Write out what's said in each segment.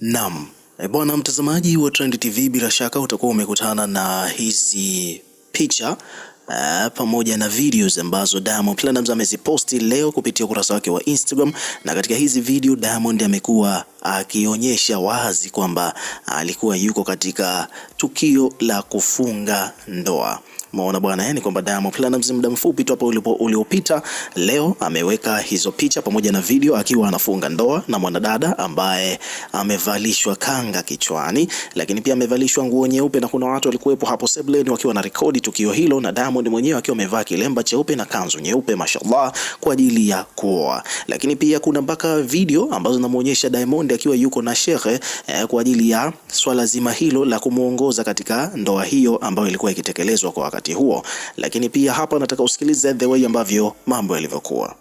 Naam, e, bwana mtazamaji wa Trend TV, bila shaka utakuwa umekutana na hizi picha Uh, pamoja na videos ambazo Diamond Platnumz ameziposti leo kupitia ukurasa wake wa Instagram, na katika hizi video Diamond amekuwa akionyesha uh, wazi kwamba alikuwa uh, yuko katika tukio la kufunga ndoa. Umeona bwana, yani eh, kwamba Diamond Platnumz muda mfupi tu hapo ulipo uliopita leo ameweka hizo picha pamoja na video akiwa anafunga ndoa na mwanadada ambaye amevalishwa kanga kichwani, lakini pia amevalishwa nguo nyeupe, na kuna watu walikuwepo hapo sebleni wakiwa na rekodi tukio hilo, na Diamond mwenyewe akiwa amevaa kilemba cheupe na kanzu nyeupe, mashallah, kwa ajili ya kuoa. Lakini pia kuna mpaka video ambazo zinamuonyesha Diamond akiwa yuko na shehe eh, kwa ajili ya swala zima hilo la kumuongoza katika ndoa hiyo ambayo ilikuwa ikitekelezwa kwa wakati wakati huo, lakini pia hapa nataka usikilize the way ambavyo mambo yalivyokuwa.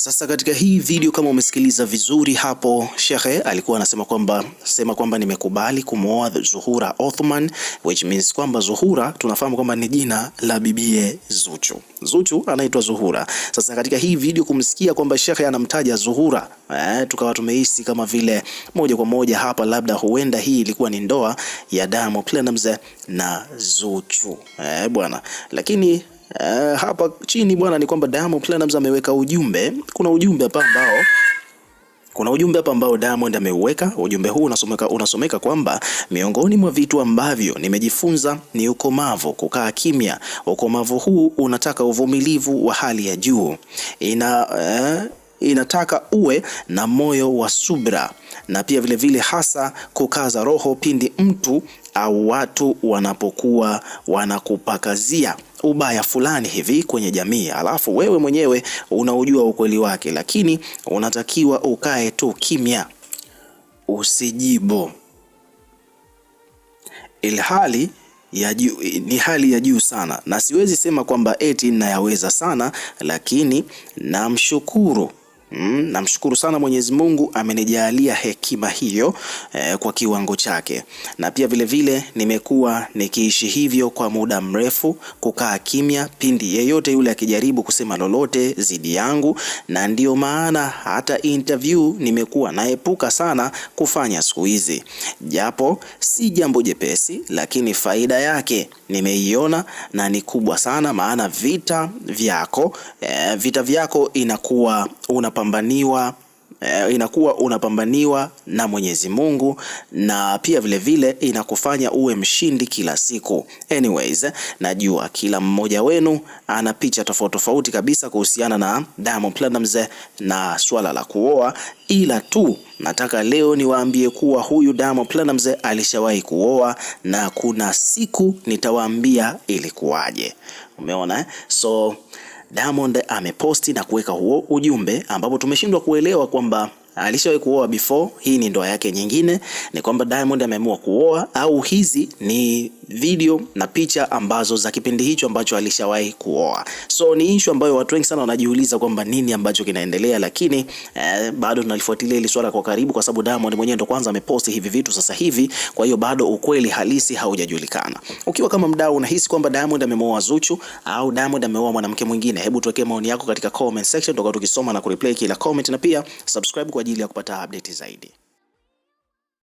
Sasa katika hii video kama umesikiliza vizuri hapo, Shekhe alikuwa anasema kwamba sema kwamba nimekubali kumwoa Zuhura Othman, which means kwamba Zuhura tunafahamu kwamba ni jina la bibie Zuchu. Zuchu anaitwa Zuhura. Sasa katika hii video kumsikia kwamba Shekhe anamtaja Zuhura eh, tukawa tumehisi kama vile moja kwa moja hapa labda huenda hii ilikuwa ni ndoa ya Diamond Platnumz na Zuchu eh, bwana, lakini Uh, hapa chini bwana ni kwamba Diamond Platinumz ameweka ujumbe. Kuna ujumbe hapa ambao kuna ujumbe hapa ambao Diamond ameuweka. Ujumbe huu unasomeka, unasomeka kwamba miongoni mwa vitu ambavyo nimejifunza ni ukomavu, kukaa kimya. Ukomavu huu unataka uvumilivu wa hali ya juu. Ina eh, inataka uwe na moyo wa subra na pia vile vile hasa kukaza roho pindi mtu au watu wanapokuwa wanakupakazia ubaya fulani hivi kwenye jamii, alafu wewe mwenyewe unaujua ukweli wake, lakini unatakiwa ukae tu kimya, usijibu ilhali ya juu, ni hali ya juu sana, na siwezi sema kwamba eti nayaweza sana, lakini namshukuru Mm, namshukuru sana Mwenyezi Mungu amenijalia hekima hiyo eh, kwa kiwango chake, na pia vilevile nimekuwa nikiishi hivyo kwa muda mrefu, kukaa kimya pindi yeyote yule akijaribu kusema lolote zidi yangu, na ndiyo maana hata interview nimekuwa naepuka sana kufanya siku hizi, japo si jambo jepesi, lakini faida yake nimeiona na ni kubwa sana, maana vita vyako eh, vita vyako inakuwa unapambaniwa eh, inakuwa unapambaniwa na Mwenyezi Mungu na pia vile vile inakufanya uwe mshindi kila siku. Anyways, eh, najua kila mmoja wenu ana picha tofauti tofauti kabisa kuhusiana na Diamond Platinumz eh, na swala la kuoa, ila tu nataka leo niwaambie kuwa huyu Diamond Platinumz eh, alishawahi kuoa na kuna siku nitawaambia ilikuwaje. Umeona eh? So Diamond ameposti na kuweka huo ujumbe ambapo tumeshindwa kuelewa kwamba alishawahi kuoa before, hii ni ndoa yake nyingine, ni kwamba Diamond ameamua kuoa au hizi ni video na picha ambazo za kipindi hicho ambacho alishawahi kuoa. So ni issue ambayo watu wengi sana wanajiuliza kwamba nini ambacho kinaendelea, lakini eh, bado tunalifuatilia hili swala kwa karibu, kwa sababu Diamond mwenyewe ndo kwanza ameposti hivi vitu sasa hivi, kwa hiyo bado ukweli halisi haujajulikana. Ukiwa kama mdau unahisi kwamba Diamond amemoa Zuchu au Diamond ameoa mwanamke mwingine, hebu tuwekee maoni yako katika comment section, tukao tukisoma na kureplay kila comment, na pia subscribe kwa ajili ya kupata update zaidi.